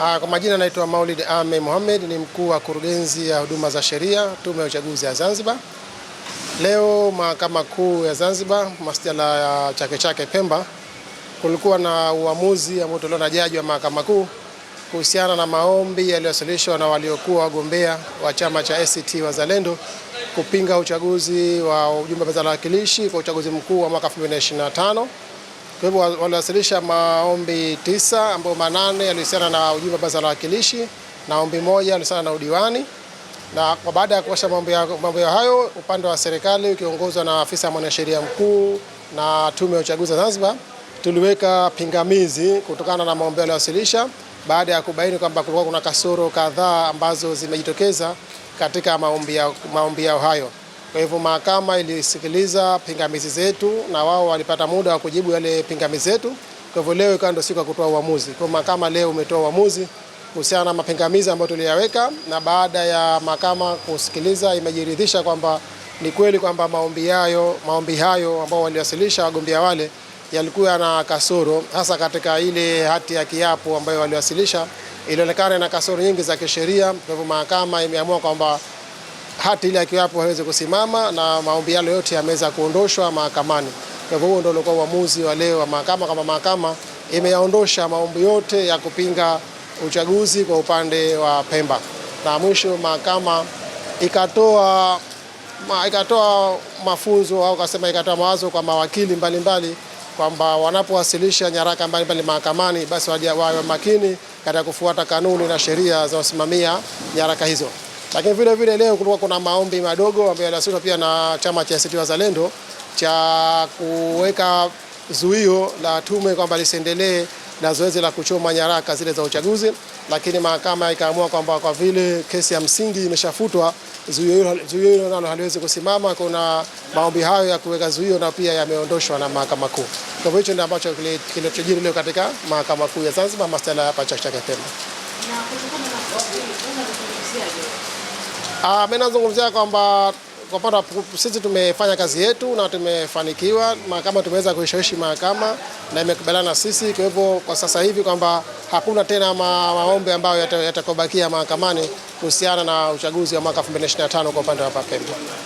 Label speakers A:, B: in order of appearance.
A: Ah, kwa majina naitwa Maulid Ame Mohamed, ni mkuu wa kurugenzi ya huduma za sheria, Tume ya Uchaguzi ya Zanzibar. Leo Mahakama Kuu ya Zanzibar, masjala ya Chake Chake Pemba, kulikuwa na uamuzi ambao ulitolewa na jaji wa Mahakama Kuu kuhusiana na maombi yaliyowasilishwa na waliokuwa wagombea wa chama cha ACT Wazalendo kupinga uchaguzi wa ujumbe wa baraza la wawakilishi kwa uchaguzi mkuu wa mwaka 2025. Kwa hivyo waliwasilisha maombi tisa ambayo manane yalihusiana na ujumbe wa baraza la wawakilishi na ombi moja yalihusiana na udiwani. Na kwa baada ya kuwasha mambo hayo, upande wa serikali ukiongozwa na afisa mwanasheria mkuu na tume ya uchaguzi Zanzibar tuliweka pingamizi kutokana na maombi yaliyowasilisha baada ya kubaini kwamba kulikuwa kuna kasoro kadhaa ambazo zimejitokeza katika maombi yao hayo. Kwa hivyo mahakama ilisikiliza pingamizi zetu na wao walipata muda wa kujibu yale pingamizi zetu. Kwa hivyo leo ikawa ndio siku ya kutoa uamuzi. Kwa mahakama leo umetoa uamuzi kuhusiana na mapingamizi ambayo tuliyaweka, na baada ya mahakama kusikiliza imejiridhisha kwamba ni kweli kwamba maombi hayo maombi hayo ambao waliwasilisha wagombea wale yalikuwa na kasoro, hasa katika ile hati ya kiapo ambayo waliwasilisha ilionekana na kasoro nyingi za kisheria. Kwa hivyo mahakama imeamua kwamba hati ile akiwapo aweze kusimama na maombi yale yote yameweza kuondoshwa mahakamani. Kwa hivyo huo ndio ulikuwa uamuzi wa leo wa mahakama, kama mahakama imeyaondosha maombi yote ya kupinga uchaguzi kwa upande wa Pemba, na mwisho mahakama ikatoa ma, ikatoa mafunzo au kasema ikatoa mawazo kwa mawakili mbalimbali kwamba wanapowasilisha nyaraka mbalimbali mahakamani basi wawe makini katika kufuata kanuni na sheria za kusimamia nyaraka hizo. Lakini vile vile leo kulikuwa kuna maombi madogo ambayo yaliwasilishwa pia na chama cha ACT Wazalendo cha kuweka zuio la tume kwamba lisiendelee na zoezi la kuchoma nyaraka zile za uchaguzi, lakini mahakama ikaamua kwamba kwa vile kesi ya msingi imeshafutwa, zuio hilo nalo haliwezi kusimama. Kuna maombi hayo ya kuweka zuio na pia yameondoshwa na mahakama kuu. Kwa hivyo hicho ndio ambacho kinachojiri leo katika mahakama kuu ya Zanzibar, masuala hapa Chake Chake Pemba.
B: Ah, mimi nazungumzia kwamba kwa upande sisi tumefanya kazi yetu na tumefanikiwa, mahakama tumeweza kuishawishi mahakama na imekubaliana na sisi. Kwa hivyo kwa sasa hivi kwamba hakuna tena ma, maombi ambayo yatakobakia yata mahakamani kuhusiana na uchaguzi wa mwaka 2025 kwa upande wa Pemba.